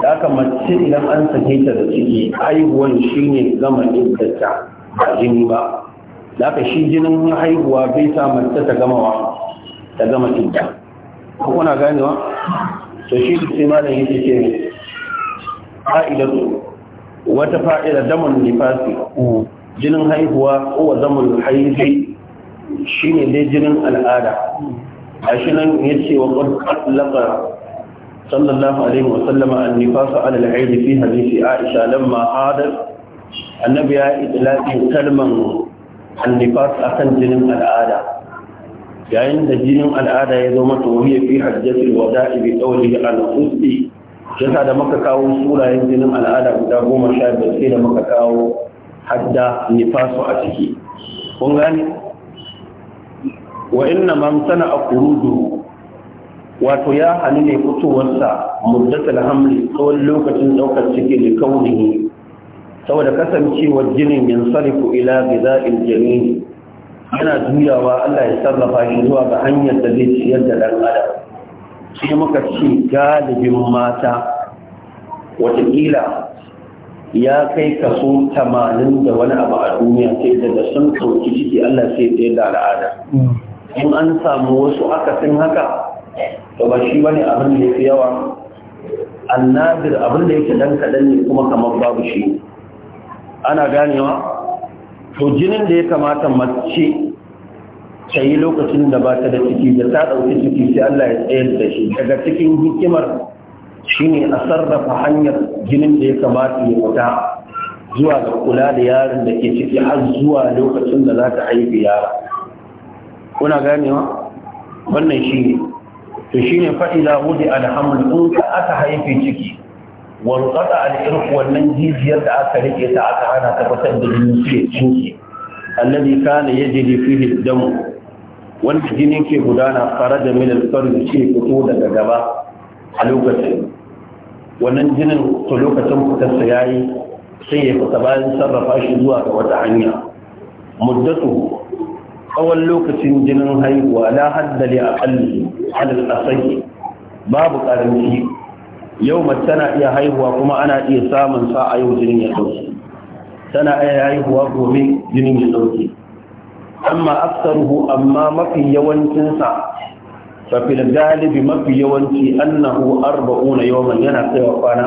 da aka mace idan an sake ta da ciki haihuwan shi ne da ta ba jini ba da aka shi jinin haihuwa bai sa mace ta gama wa ta gama cinta ko kuna ganewa to shi sai malam yake ce fa'idatu wata fa'ida damun nifasi hmm. jinin haihuwa ko wa damun shi shine dai jinin al'ada A shi nan ce wa qad laqa صلى الله عليه وسلم النفاق على العيد في حديث عائشة لما عادت النبي إطلاق كلمة النفاق أكن جنم العادة يعني جنم العادة يزوم وهي في حجة الوداع بقوله عن خصي جسا da muka kawo surayen jinin al'ada guda goma sha biyar sai da muka kawo hadda nifasu a ciki kun gane wa inna man sana a kurudu wato ya hannu ne fitowarsa muddatul hamli tsawon lokacin daukar ciki da kaunihi saboda kasancewar jinin yansarifu ila gida'il jamin yana juyawa Allah ya sarrafa shi zuwa ga hanyar da zai ciyar da dan adam sai muka ce galibin mata Wataƙila. ya kai kaso tamanin da wani abu a duniya sai daga sun ɗauki ciki Allah sai ya da al'ada hmm. in an samu wasu akasin haka to ba shi bane abin da yake yawa annadir abin da yake dan kadan ne kuma kamar babu shi ana ganewa to jinin da ya kamata mace ta yi lokacin da ba ta da ciki da ta ɗauki ciki sai Allah ya tsayar da shi daga cikin hikimar shine a sarrafa hanyar jinin da ya kamata ya fita zuwa ga kula da yaron da ke ciki har zuwa lokacin da za ta haifi yara kuna ganewa wannan shi ne to shine fa ila wudi alhamdu in ka aka haifi ciki wanqata al-irq wannan jijiyar da aka rike ta aka hana ta fitar da jini sai cinki alladhi kana yajri fihi ad damu. wanda jini ke gudana faraja min al-farj shi fito daga gaba a lokacin wannan jinin to lokacin fitarsa ya yi sai ya fita bayan sarrafa shi zuwa ga wata hanya muddatu tsawon lokacin jinin haihuwa la haddali a kalli al asahi babu karanci yau mace tana iya haihuwa kuma ana iya samun sa a yau jinin ya dauke tana iya haihuwa gobe jinin ya dauke amma aksaruhu amma mafi yawancinsa fafil galibi mafi yawanci annahu arba'una yawman yana kaiwa kwana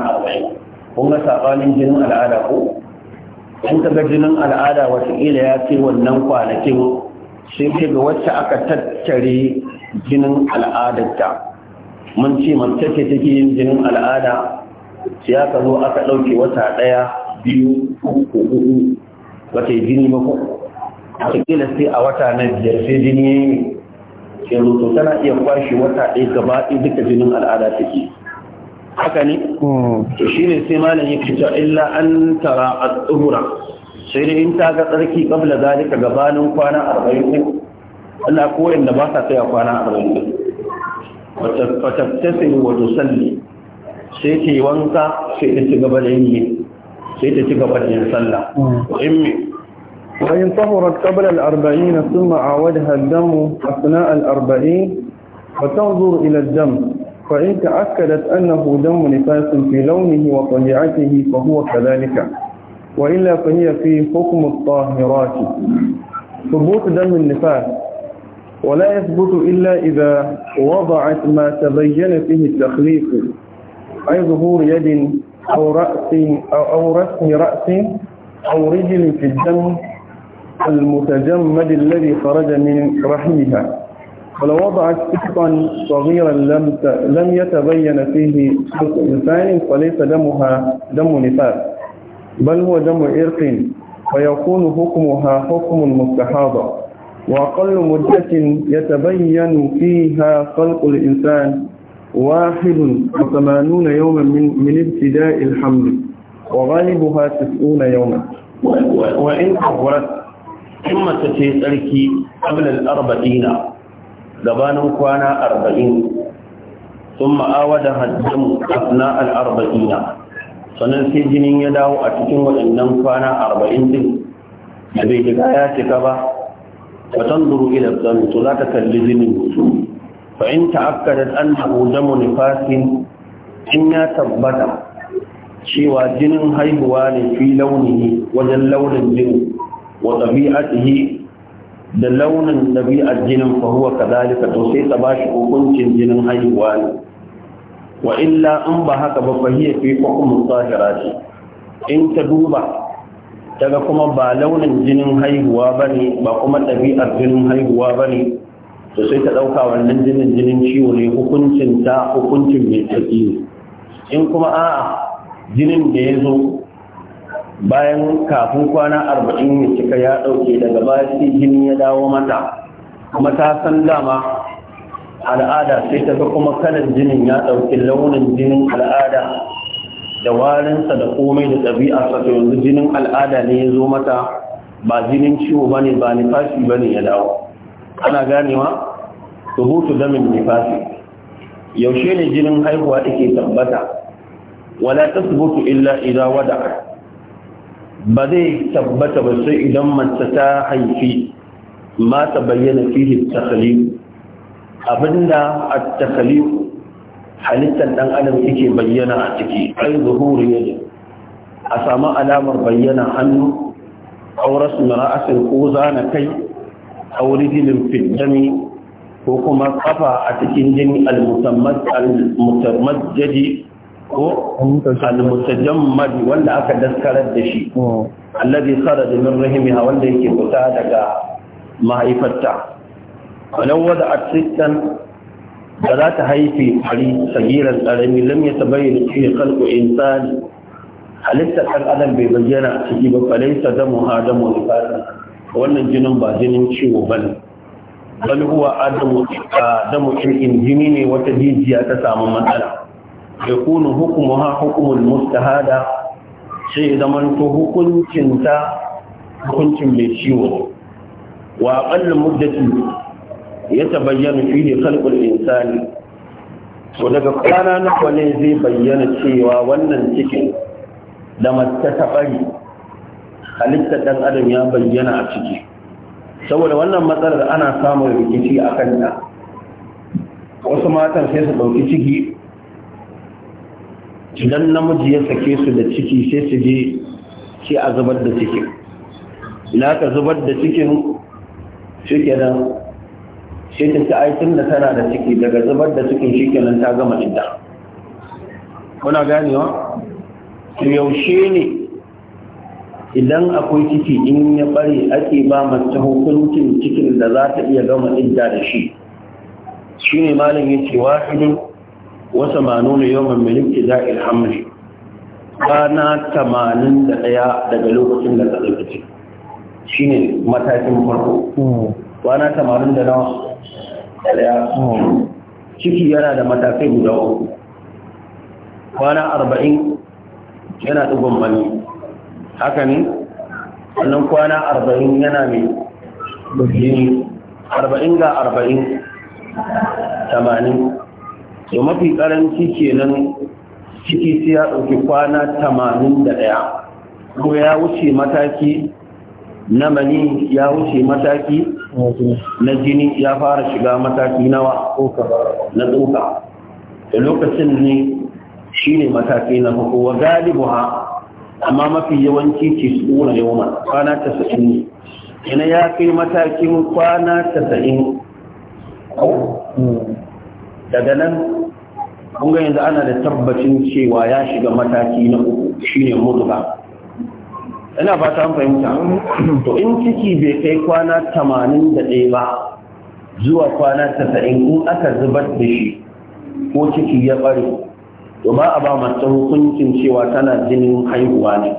40 kun ga sabanin jinin al'ada ko in ka ga jinin al'ada wata ya ce wannan kwanakin sai ce ga wacce aka tattare jinin al'adarta mun ce mace ce take yin jinin al'ada sai aka zo aka ɗauke wata ɗaya biyu uku wata jini ba ko wataƙila sai a wata na biyar sai jini ya yi ke tana iya kwashe wata ɗaya gaba ɗaya duka jinin al'ada take haka ne hmm. to shine sai malam ya fita illa an tara a tsuhura sai dai in ta ga tsarki kabla zalika gabanin kwana arba'in Allah ko inda ba sa tsaya kwana arba'in wa tattasilu wa tusalli sai ta yi wanka sai ta ci gaba da yin sai ta ci gaba da yin sallah mm. in وإن طهرت قبل الأربعين ثم عاودها الدم أثناء الأربعين وتنظر إلى الدم فإن تأكدت أنه دم نفاس في لونه وطبيعته فهو كذلك وإلا فهي في حكم الطاهرات ثبوت دم النفاس ولا يثبت إلا إذا وضعت ما تبين فيه التخليف أي ظهور يد أو رأس أو, أو رسم رأس أو رجل في الدم المتجمد الذي خرج من رحمها ولو وضعت قطا صغيرا لم لم يتبين فيه خلق إنسان فليس دمها دم نفاس بل هو دم إرق فيكون حكمها حكم المستحاضة وأقل مدة يتبين فيها خلق الإنسان واحد وثمانون يوما من, من ابتداء الحمل وغالبها تسعون يوما وإن كفرت ثم تتسألك قبل الأربعين دبان كان أربعين ثم آودها الدم أثناء الأربعين sannan sai jinin ya dawo a cikin waɗannan kwana arba'in din da bai shiga ya cika ba ba tan duru ila zan to za ta kalli jinin mutum fa in ta'akkadat annahu in ya tabbata cewa jinin haihuwa ne fi launihi wajen launin jinin wa tabi'atihi da launin ɗabi'ar jinin fa huwa kadhalika to sai ta bashi hukuncin jinin haihuwa ne wa illa in ba haka ba fahiyya fi hukumun tsahira ce in ta duba daga kuma ba launin jinin haihuwa ba ne ba kuma ɗabi'ar jinin haihuwa ba ne to sai ta ɗauka wannan jinin jinin ciwo ne hukuncin ta hukuncin mai tsaki ne in kuma a'a jinin da ya zo bayan kafin kwana arba'in ya cika ya ɗauke daga baya sai jini ya dawo mata kuma ta san dama al'ada sai ta ga kuma kalan jinin ya ɗauki launin jinin al'ada da warinsa da komai da ɗabi'a sa yanzu jinin al'ada ne ya zo mata ba jinin ciwo ba ne ba nifasi ba ne ya dawo ana ganewa rubutu damin nifasi yaushe ne jinin haihuwa take tabbata wala tasbutu illa idza wada ba zai tabbata ba sai idan mace ta haifi ma ta bayyana fihi takhlif abinda a takhliq halittar ɗan adam yake bayyana a ciki ai zuhuri ne a samu alamar bayyana hannu auras na ko zana kai aw rijlin ko kuma kafa a cikin jini al ko al wanda aka daskarar da shi oh. alladhi kharaja min rahimiha wanda yake fita daga mahaifarta walau wada a cikin da za ta haife hari sagiran ƙarami lam ya yi da cikin khalqu insani halitta ɗan adam bai bayyana a ciki ba falaisa da muhadamu fasa wannan jinin ba jinin ciwo ba ne. bal huwa adamu damu irin jini ne wata jijiya ta samu matsala yakunu hukmuha hukmul mustahada sai zaman to hukuncinta hukuncin mai ciwo wa aqallu muddati ya tabayyana fiye kalkul insani so daga kwana na kwane zai bayyana cewa wannan cikin da mace ta bari halittar ɗan adam ya bayyana a ciki saboda wannan matsalar ana samun rikici a kanta wasu matan sai su ɗauki ciki idan namiji ya sake su da ciki sai su je sai a zubar da cikin ina ka zubar da cikin shi kenan sai ta ci aikin da tana da ciki daga zubar da cikin shi ta gama idda kuna ganewa to yaushe ne idan akwai ciki in ya bari ake ba mace hukuncin cikin da za ta iya gama idda da shi Shi ne shine ya yace wahidin wa samanuna yawman min ibtida'il ba na tamanin da ɗaya daga lokacin da ta ɗauki Shi ne matakin farko hmm. kwana tamanin da nawa daya ciki yana da matakai guda uku kwana arba'in yana ɗigon mani haka ne wannan kwana arba'in yana mai jini arba'in ga arba'in tamanin da mafi ƙaranci kenan ciki sai ya ɗauki kwana tamanin da ɗaya ko ya wuce mataki na mani ya wuce mataki na jini ya fara shiga mataki nawa na tsoka da lokacin ne shi ne mataki na hukun wa galibu ha amma mafi yawanci ce yau yawon kwana tasa'in ne ina ya kai matakin kwana tasa'in daga nan kunga yanzu ana da tabbacin cewa ya shiga mataki na uku ne mutuba ina ba ta fahimta to in ciki bai kai kwana tamanin da ɗaya ba zuwa kwana tasa'in in aka zubar da shi ko ciki ya ɓare to ba a ba masu hukuncin cewa tana jinin haihuwa ne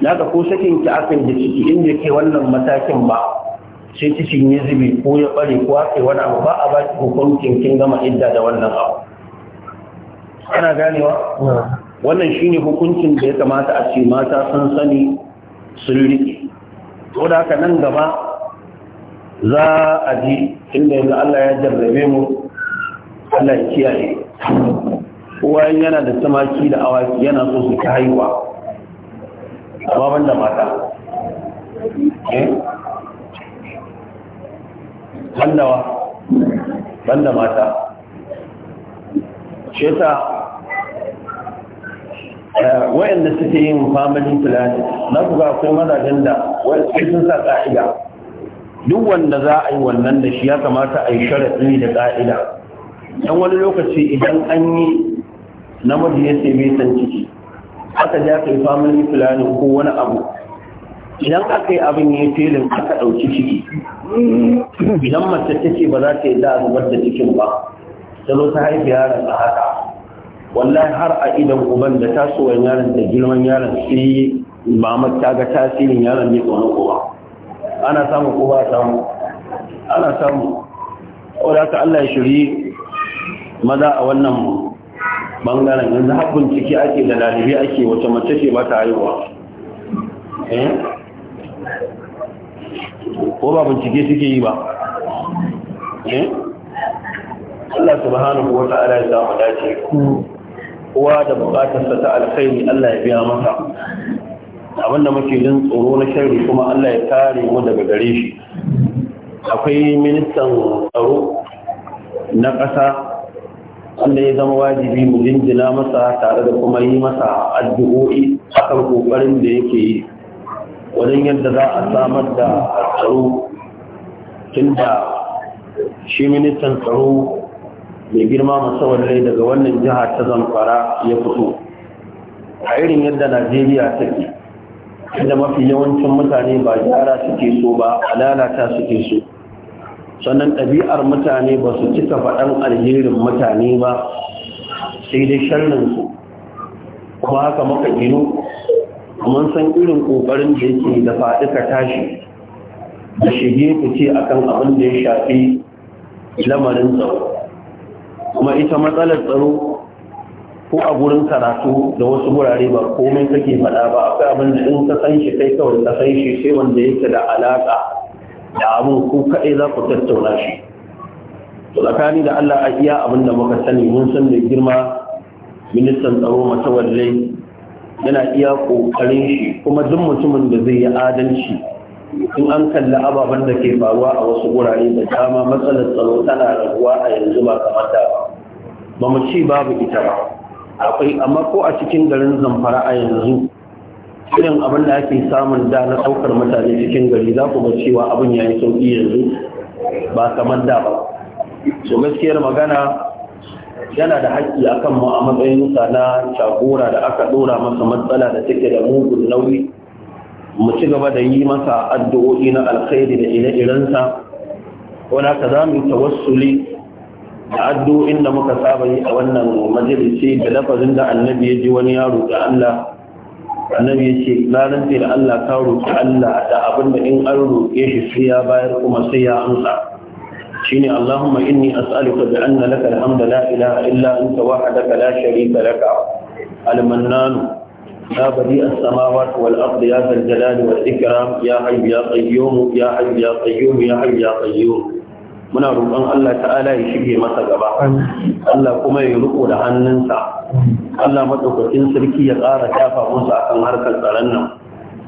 naka ko sakin ki aka da ciki in da ke wannan matakin ba sai cikin ya zubi ko ya ɓare ko aka yi wani abu ba a ba ki hukuncin kin gama idda da wannan abu ana ganewa wannan shine hukuncin da ya kamata a ce mata sun sani sun riƙe ko da haka nan gaba za a ji inda yanzu Allah ya jarrabe mu Allah ya kiyaye kowa yana da samaki da awaki yana so su ta haihuwa amma ban da mata eh? Ban da mata shi yasa Eh, wayanda suke yin famili planning na ku ga akwai mazajen da sun sa ka'ida duk wanda za a yi wannan da shi ya kamata a yi sharaɗi da ka'ida dan wani lokaci idan an yi namiji ya ce bai san ciki aka ja kai family planning ko wani abu idan aka yi abin ya filin aka ɗauki ciki idan mace ta ce ba za ta yi da zubar da cikin ba ta zo ta haifi yaron a haka wallahi har a idan uban da tasowar yaron da girman yaron sai mamar ta ga tasirin yaron ne tsoron kowa ana samun ko ba samu ana samu wadda ka Allah ya shiri maza a wannan bangaren yanzu haɓun ciki ake da lalibi ake wata mace ce ba ta haihuwa eh? ko ba bincike suke yi ba eh? Allah subhanahu wa ta'ala ya samu dace kowa da bukatarsa ta alkhairi Allah ya biya masa abinda muke jin tsoro na sharri kuma Allah ya kare mu daga gare shi akwai ministan tsaro na ƙasa wanda ya zama wajibi mu jinjina masa tare da kuma yi masa addu'o'i kan kokarin da yake yi wajen yadda za a samar da tsaro tun da shi ministan tsaro mai girma rai daga wannan jiha ta zamfara ya fito a irin yadda najeriya take inda mafi yawancin mutane ba gyara suke so ba a lalata suke so sannan ɗabi'ar mutane ba su cika faɗan alherin mutane ba sai dai su kuma haka maka gino mun san irin ƙoƙarin da yake da faɗi ka tashi da shige ku ce akan abin da ya shafi lamarin tsaro kuma ita matsalar tsaro ko a gurin karatu da wasu wurare ba komai kake faɗa ba akwai abin da in ka san shi kai kawai ka san shi sai wanda yake da alaƙa da abin ko kaɗai za ku tattauna shi to tsakani da Allah a iya abin da muka sani mun san da girma ministan tsaro matawalle yana iya ƙoƙarin shi kuma duk mutumin da zai yi adalci in an kalli ababen da ke faruwa a wasu wurare da dama matsalar tsaro tana raguwa a yanzu ba kamar da ba ba mu ci babu ita ba akwai amma ko a cikin garin zamfara a yanzu irin abin da ake samun da na ɗaukar mutane cikin gari za ku ga cewa abin ya yi sauƙi yanzu ba kamar da ba so gaskiyar magana yana da haƙƙi akan mu a matsayin na shagora da aka ɗora masa matsala da take da mugun nauyi mu ci gaba da yi masa addu'o'i na alkhairi da ire-irensa wadda ka za mu tawassuli da addu'o'in da muka saba yi a wannan majalisi da lafazin da annabi ya ji wani ya roƙi Allah annabi ya ce ranar da Allah ka roƙi Allah da abin da in an roƙe shi sai ya bayar kuma sai ya amsa shine Allahumma inni as'aluka bi anna laka alhamdu la ilaha illa anta wahdaka la sharika laka al-mannanu يا بديع السماوات والأرض يا ذا الجلال والإكرام يا حي يا قيوم يا حي يا قيوم يا حي يا قيوم muna roƙon Allah ta'ala ya shige masa gaba Allah kuma ya riko da hannunsa Allah madaukakin sarki ya ƙara tafa musu akan harkar tsaron nan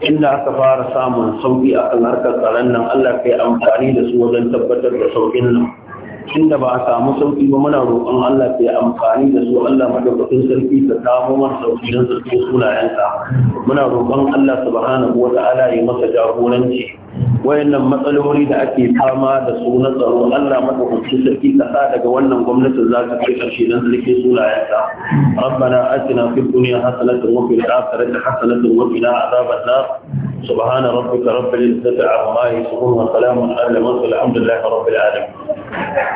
inda aka fara samun sauƙi akan harkar tsaron nan Allah kai amfani da su wajen tabbatar da sauƙin nan inda ba a samu sauki ba muna roƙon Allah ta amfani da su Allah madaukakin sarki ta samu mar sauki don sarki sunayensa muna roƙon Allah subhanahu wa ta'ala ya masa jagoranci wayannan matsaloli da ake fama da su na tsaro Allah madaukakin sarki ka sa daga wannan gwamnatin za ta kai ƙarshe don sarki sunayensa rabbana atina fid dunya hasanatan wa fil akhirati hasanatan wa qina adhaban nar subhana rabbika rabbil izzati amma yasifun wa salamun ala mursalin alhamdulillahi rabbil alamin